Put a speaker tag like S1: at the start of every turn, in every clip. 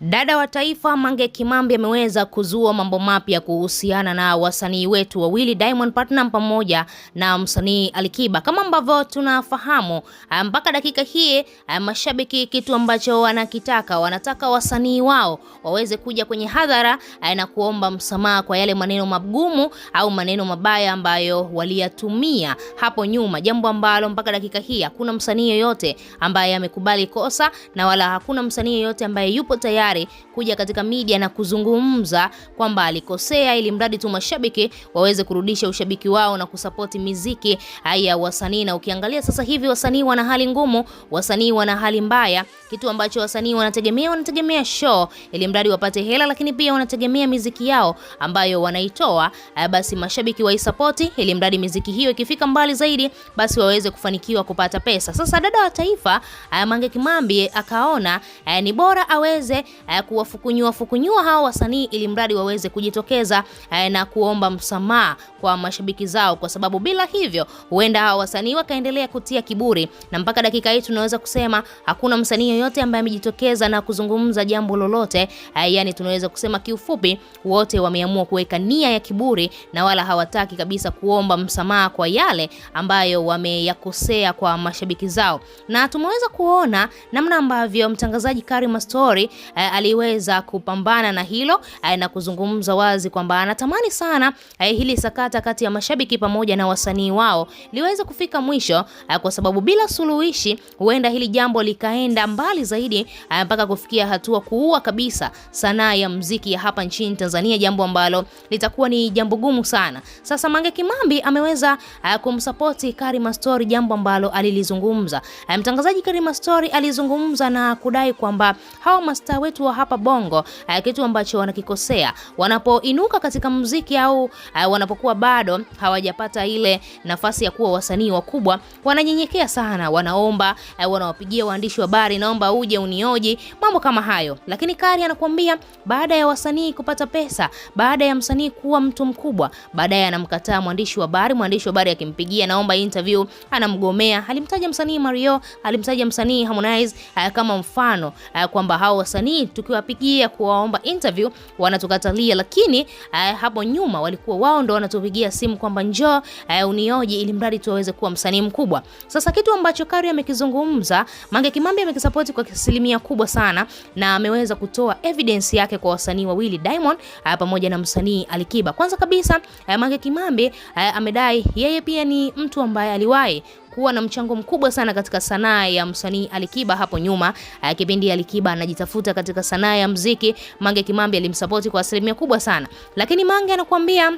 S1: Dada wa taifa Mange Kimambi ameweza kuzua mambo mapya kuhusiana na wasanii wetu wawili Diamond Platnumz pamoja na msanii Alikiba. Kama ambavyo tunafahamu ah, mpaka dakika hii, ah, mashabiki kitu ambacho wanakitaka, wanataka wasanii wao waweze kuja kwenye hadhara ah, na kuomba msamaha kwa yale maneno magumu au maneno mabaya ambayo waliyatumia hapo nyuma, jambo ambalo mpaka dakika hii hakuna msanii yoyote ambaye amekubali kosa na wala hakuna msanii yoyote ambaye yupo tayari Bandari kuja katika media na kuzungumza kwamba alikosea, ili mradi tu mashabiki waweze kurudisha ushabiki wao na kusapoti miziki ya wasanii. Na ukiangalia sasa hivi wasanii wana hali ngumu, wasanii wana hali mbaya, kitu ambacho wasanii wanategemea, wanategemea show ili mradi wapate hela, lakini pia wanategemea miziki yao ambayo wanaitoa, basi mashabiki waisapoti ili mradi miziki hiyo ikifika mbali zaidi, basi waweze kufanikiwa kupata pesa. Sasa dada wa taifa Mange Kimambi akaona ni bora aweze Eh, kuwafukunyua fukunyua hao wasanii ili mradi waweze kujitokeza eh, na kuomba msamaha kwa mashabiki zao, kwa sababu bila hivyo huenda hao wasanii wakaendelea kutia kiburi, na mpaka dakika hii tunaweza kusema hakuna msanii yoyote ambaye amejitokeza na kuzungumza jambo lolote. Eh, yani tunaweza kusema kiufupi, wote wameamua kuweka nia ya kiburi na wala hawataki kabisa kuomba msamaha kwa yale ambayo wameyakosea kwa mashabiki zao, na tumeweza kuona namna ambavyo mtangazaji Karima Story aliweza kupambana na hilo eh, na kuzungumza wazi kwamba anatamani sana eh, hili sakata kati ya mashabiki pamoja na wasanii wao liweze kufika mwisho, eh, kwa sababu bila suluhishi huenda hili jambo likaenda mbali zaidi mpaka kufikia hatua kuua kabisa sanaa ya muziki ya hapa nchini Tanzania, jambo ambalo litakuwa ni jambo gumu sana. Sasa Mange Kimambi ameweza kumsapoti Karima Story, jambo ambalo alilizungumza mtangazaji Karima Story alizungumza na kudai kwamba hawa mastaa wetu wetu wa hapa Bongo uh, kitu ambacho wanakikosea wanapoinuka katika muziki au uh, wanapokuwa bado hawajapata ile nafasi ya kuwa wasanii wakubwa, wananyenyekea sana, wanaomba uh, wanawapigia waandishi wa habari, naomba uje unioji, mambo kama hayo. Lakini Kari anakuambia baada ya wasanii kupata pesa, baada ya msanii kuwa mtu mkubwa, baadaye anamkataa mwandishi wa habari. Mwandishi wa habari akimpigia naomba interview, anamgomea. Alimtaja msanii Mario, alimtaja msanii Harmonize kama mfano kwamba hao wasanii tukiwapigia kuwaomba interview wanatukatalia, lakini eh, hapo nyuma walikuwa wao ndo wanatupigia simu kwamba njoo, eh, unioji ili mradi tuweze kuwa msanii mkubwa. Sasa kitu ambacho Kari amekizungumza, Mange Kimambi amekisapoti kwa asilimia kubwa sana na ameweza kutoa evidence yake kwa wasanii wawili Diamond eh, pamoja na msanii Alikiba. Kwanza kabisa, eh, Mange Kimambi eh, amedai yeye pia ni mtu ambaye aliwahi kuwa na mchango mkubwa sana katika sanaa ya msanii Alikiba hapo nyuma. Kipindi Alikiba anajitafuta katika sanaa ya muziki, Mange Kimambi alimsapoti kwa asilimia kubwa sana, lakini Mange anakuambia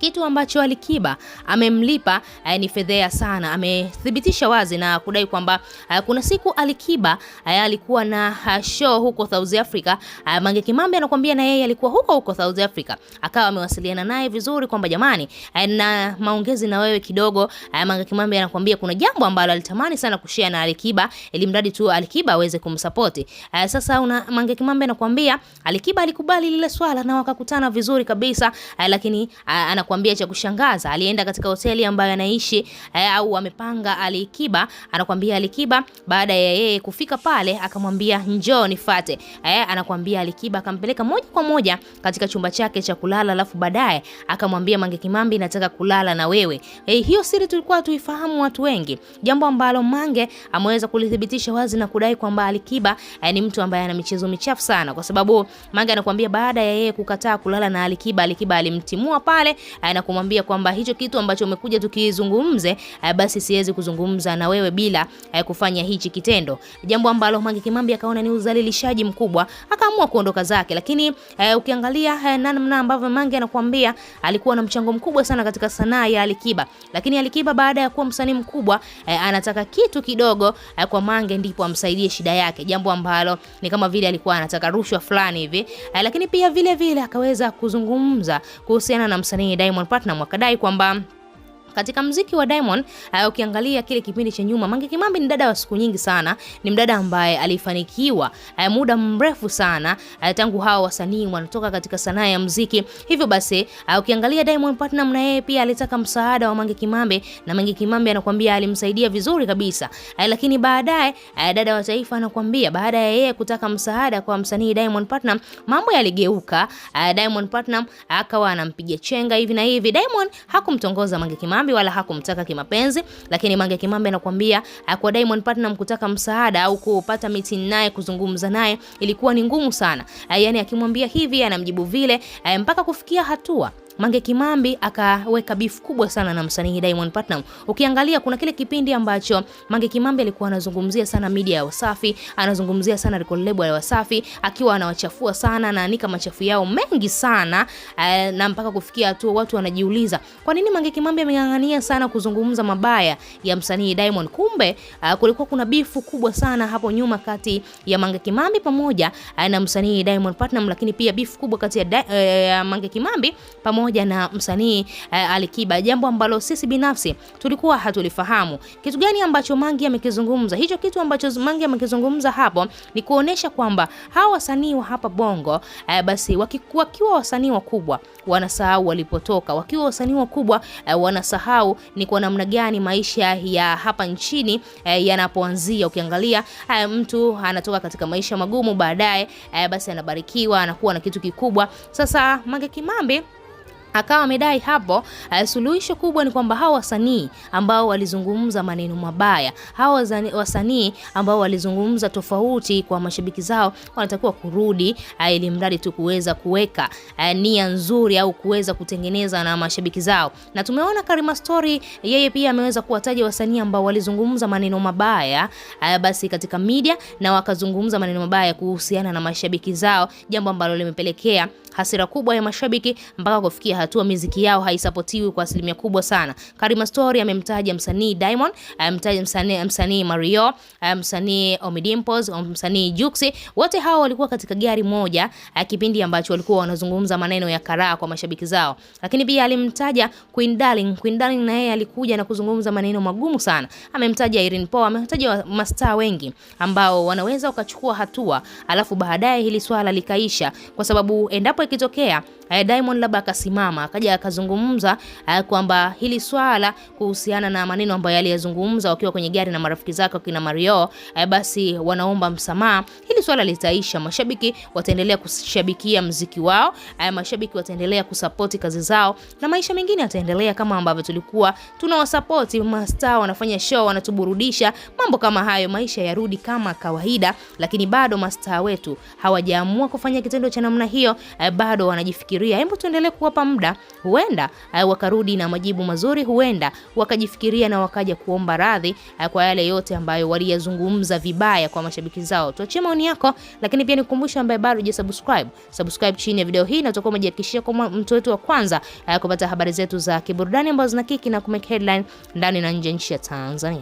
S1: kitu ambacho Alikiba amemlipa eh, ni fedhea sana. Amethibitisha wazi na kudai kwamba eh, kuna siku Alikiba eh, alikuwa na eh, show huko South Africa. Eh, Mange Kimambe anakuambia na yeye alikuwa huko huko South Africa, akawa amewasiliana naye vizuri kwamba jamani, eh, na maongezi na wewe kidogo. eh, Mange Kimambe anakuambia kuna jambo ambalo alitamani sana kushare na Alikiba, ili mradi tu Alikiba aweze kumsupport. eh, Sasa una Mange Kimambe anakuambia Alikiba alikubali lile swala na wakakutana vizuri kabisa, eh, lakini eh, ana anakuambia cha kushangaza, alienda katika hoteli ambayo anaishi eh, au amepanga Alikiba. Anakuambia Alikiba, baada ya yeye kufika pale, akamwambia njoo nifate. Eh, anakuambia Alikiba akampeleka moja kwa moja katika chumba chake cha kulala, alafu baadaye akamwambia Mange Kimambi, nataka kulala na wewe. Eh, hiyo siri tulikuwa tuifahamu watu wengi, jambo ambalo Mange ameweza kulithibitisha wazi na kudai kwamba Alikiba eh, ni mtu ambaye ana michezo michafu sana, kwa sababu Mange anakuambia baada ya yeye kukataa kulala na Alikiba, Alikiba alimtimua pale Eh, na kumwambia kwamba hicho kitu ambacho umekuja tukizungumze, eh, basi siwezi kuzungumza na wewe bila eh, kufanya hichi kitendo, jambo ambalo Mange Kimambi akaona ni udhalilishaji mkubwa, akaamua kuondoka zake. Lakini ukiangalia namna ambavyo Mange anakuambia alikuwa na mchango mkubwa sana katika sanaa ya Alikiba, lakini Alikiba baada ya kuwa msanii mkubwa anataka kitu kidogo kwa Mange ndipo amsaidie shida yake, jambo ambalo ni kama vile alikuwa anataka rushwa fulani hivi, lakini pia vile vile akaweza kuzungumza kuhusiana na msanii Diamond Platnumz akadai kwamba katika mziki wa Diamond uh, ukiangalia kile kipindi cha nyuma, Mange Kimambi ni dada wa siku nyingi sana, ni mdada ambaye alifanikiwa uh, muda mrefu sana uh, tangu hawa wasanii wanatoka katika sanaa ya mziki. Hivyo basi uh, ukiangalia Diamond Platnumz na yeye pia alitaka msaada wa Mange Kimambi na Mange Kimambi anakuambia alimsaidia vizuri kabisa uh, lakini baadaye uh, dada wa taifa anakuambia baada ya yeye kutaka msaada kwa msanii Diamond Platnumz mambo yaligeuka. Uh, Diamond Platnumz akawa anampiga chenga hivi na hivi. Diamond hakumtongoza Mange Kimambi Kimambi wala hakumtaka kimapenzi, lakini Mange kimambi anakuambia kwa Diamond Platnumz kutaka msaada au kupata meeting naye kuzungumza naye ilikuwa ni ngumu sana, yaani akimwambia hivi anamjibu vile eh, mpaka kufikia hatua Mange Kimambi akaweka beef kubwa sana na msanii Diamond Platnumz. Ukiangalia kuna kile kipindi ambacho Mange Kimambi alikuwa anazungumzia sana media ya Wasafi, anazungumzia sana record label ya Wasafi, akiwa anawachafua sana na anika machafu yao mengi sana e, na mpaka kufikia tu watu wanajiuliza kwa nini Mange Kimambi ameng'ang'ania sana kuzungumza mabaya ya msanii Diamond. Kumbe uh, kulikuwa kuna bifu kubwa sana hapo nyuma kati ya Mange Kimambi pamoja uh, na msanii Diamond Platnumz, lakini pia bifu kubwa kati ya uh, Mange Kimambi pamoja pamoja na msanii eh, Alikiba, jambo ambalo sisi binafsi tulikuwa hatulifahamu. Kitu gani ambacho Mangi amekizungumza? Hicho kitu ambacho Mangi amekizungumza hapo ni kuonesha kwamba hawa wasanii wa hapa Bongo eh, basi wakiwa wasanii wakubwa wanasahau walipotoka, wakiwa wasanii wakubwa eh, wanasahau ni kwa namna gani maisha ya hapa nchini eh, yanapoanzia. Ukiangalia eh, mtu anatoka katika maisha magumu, baadaye eh, basi anabarikiwa anakuwa na kitu kikubwa. Sasa Mange Kimambi akawa amedai hapo eh, suluhisho kubwa ni kwamba hawa wasanii ambao walizungumza maneno mabaya, hawa wasanii ambao walizungumza tofauti kwa mashabiki zao, wanatakiwa kurudi, eh, ili mradi tu kuweza kuweka eh, nia nzuri au kuweza kutengeneza na mashabiki zao. Na tumeona Karima Story, yeye pia ameweza kuwataja wasanii ambao walizungumza maneno mabaya basi katika media, na wakazungumza maneno mabaya kuhusiana na mashabiki zao, jambo ambalo limepelekea hasira kubwa ya mashabiki mpaka kufikia hatua miziki yao haisapotiwi kwa asilimia kubwa sana. Karima Story amemtaja msanii Diamond, amemtaja eh, msanii msanii Mario, eh, msanii Omidimpos, eh, msanii Juxi, wote hao walikuwa katika gari moja kipindi ambacho walikuwa wanazungumza maneno ya karaa kwa mashabiki zao. Lakini pia alimtaja Queen Darling. Queen Darling na yeye alikuja na kuzungumza maneno magumu sana. Amemtaja Irene Poe, amemtaja mastaa wengi ambao wanaweza wakachukua hatua alafu baadaye hili swala likaisha, kwa sababu endapo ikitokea eh, Diamond labda akasimama akaja akazungumza eh, kwamba hili swala kuhusiana na maneno ambayo aliyazungumza wakiwa kwenye gari na marafiki zake kina Mario eh, basi wanaomba msamaha, hili swala litaisha, mashabiki wataendelea kushabikia mziki wao eh, mashabiki wataendelea kusapoti kazi zao na maisha mengine yataendelea kama ambavyo tulikuwa tunawasapoti masta, wanafanya show, wanatuburudisha, mambo kama hayo, maisha yarudi kama kawaida, lakini bado masta wetu hawajaamua kufanya kitendo cha namna hiyo eh, bado wanajifikiria kufikiria, hebu tuendelee kuwapa muda, huenda eh, wakarudi na majibu mazuri, huenda wakajifikiria na wakaja kuomba radhi eh, kwa yale yote ambayo waliyazungumza vibaya kwa mashabiki zao. Tuachie maoni yako, lakini pia nikukumbusha ambaye bado hujasubscribe, subscribe chini ya video hii na utakuwa umejiandikishia kwa mtu wetu wa kwanza eh, kupata habari zetu za kiburudani ambazo zinakiki na kumake headline ndani na nje nchi ya Tanzania.